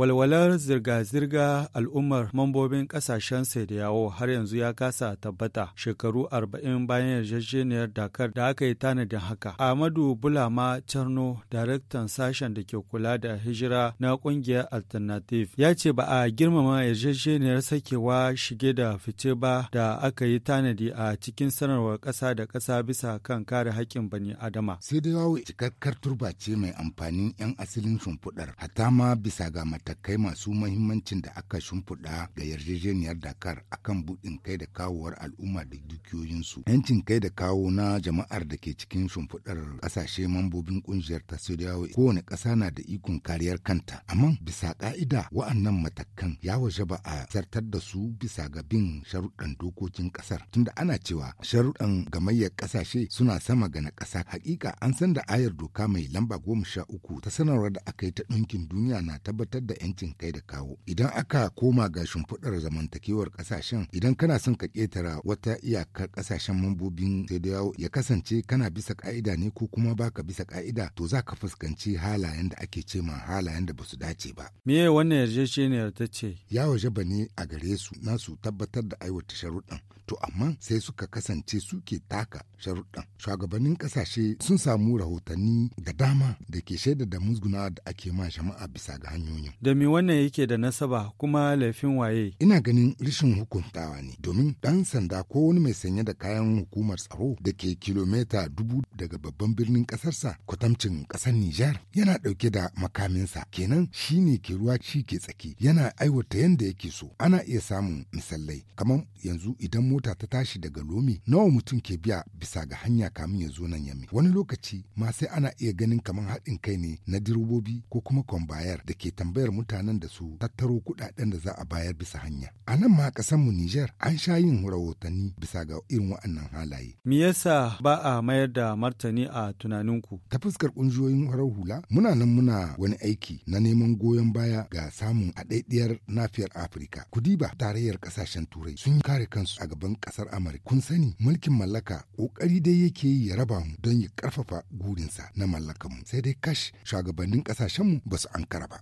walwalar zirga-zirga al'ummar mambobin kasashen yawo har yanzu ya kasa tabbata shekaru 40 bayan yarjejeniyar dakar da aka yi tanadin haka ahmadu bulama charno daraktan sashen da ke kula da hijira na kungiyar alternative ya ce ba a girmama yarjejeniyar sakewa shige da fice ba da aka yi tanadi a cikin sanarwar ƙasa da ƙasa bisa kan kare haƙƙin bani adama sai da yawo cikakkar turba ce mai amfanin 'yan asalin shimfiɗar hatta ma bisa ga mata matakai masu mahimmancin da aka shimfiɗa ga yarjejeniyar Dakar a kan buɗin kai da kawowar al'umma da dukiyoyinsu. Yancin kai da kawo na jama'ar da ke cikin shimfiɗar ƙasashe mambobin ƙungiyar ta kowane ƙasa na da ikon kariyar kanta. Amma bisa ƙa'ida wa'annan matakan ya waje ba a zartar da su bisa ga bin sharuɗan dokokin ƙasar. Tunda ana cewa sharuɗan gamayyar ƙasashe suna sama ga na ƙasa. Hakika an san da ayar doka mai lamba goma sha uku ta sanarwar da aka yi ta ɗinkin duniya na tabbatar da 'yancin kai da kawo idan aka koma ga shimfiɗar zamantakewar ƙasashen idan kana son ka ƙetara wata iyakar ƙasashen mambobin sai da ya kasance kana bisa ƙa'ida ne ko kuma baka bisa ƙa'ida to za ka fuskanci halayen da ake ce ma halayen da basu dace ba. Meye wannan yarjejeniyar ta ce? Ya waje ba ne a gare su na su tabbatar da aiwata sharuɗan to amma sai suka kasance suke taka sharuɗan. Shugabannin ƙasashe sun samu rahotanni da dama da ke shaida da musguna da ake ma jama'a bisa ga hanyoyin. da me wannan yake da nasaba kuma laifin waye ina ganin rishin hukuntawa ne domin ɗan sanda ko wani mai sanye da kayan hukumar tsaro da ke kilomita dubu daga babban birnin kasarsa kwatamcin kasar Nijar yana ɗauke da makaminsa kenan shine ke ruwa shi ke tsaki yana aiwata yanda yake so ana iya samun misalai kamar yanzu idan mota ta tashi daga lomi nawa mutum ke biya bisa ga hanya kamun ya zo nan yami wani lokaci ma sai ana iya ganin kamar haɗin kai ne na direbobi ko kuma kwambayar da ke tambayar tare mutanen da su tattaro kuɗaɗen da za a bayar bisa hanya. A nan ma mu Nijar an sha yin rahotanni bisa ga irin waɗannan halaye. Me yasa ba a mayar da martani a tunaninku? Ta fuskar ƙungiyoyin farar hula muna nan muna wani aiki na neman goyon baya ga samun aɗaiɗiyar nafiyar Afirka. Kudiba tarayyar ƙasashen Turai sun yi kare kansu a gaban ƙasar Amurka. Kun sani mulkin mallaka ƙoƙari dai yake yi ya raba mu don ya ƙarfafa gurinsa na mallakanmu. Sai dai kash shugabannin ƙasashenmu ba su ankara ba.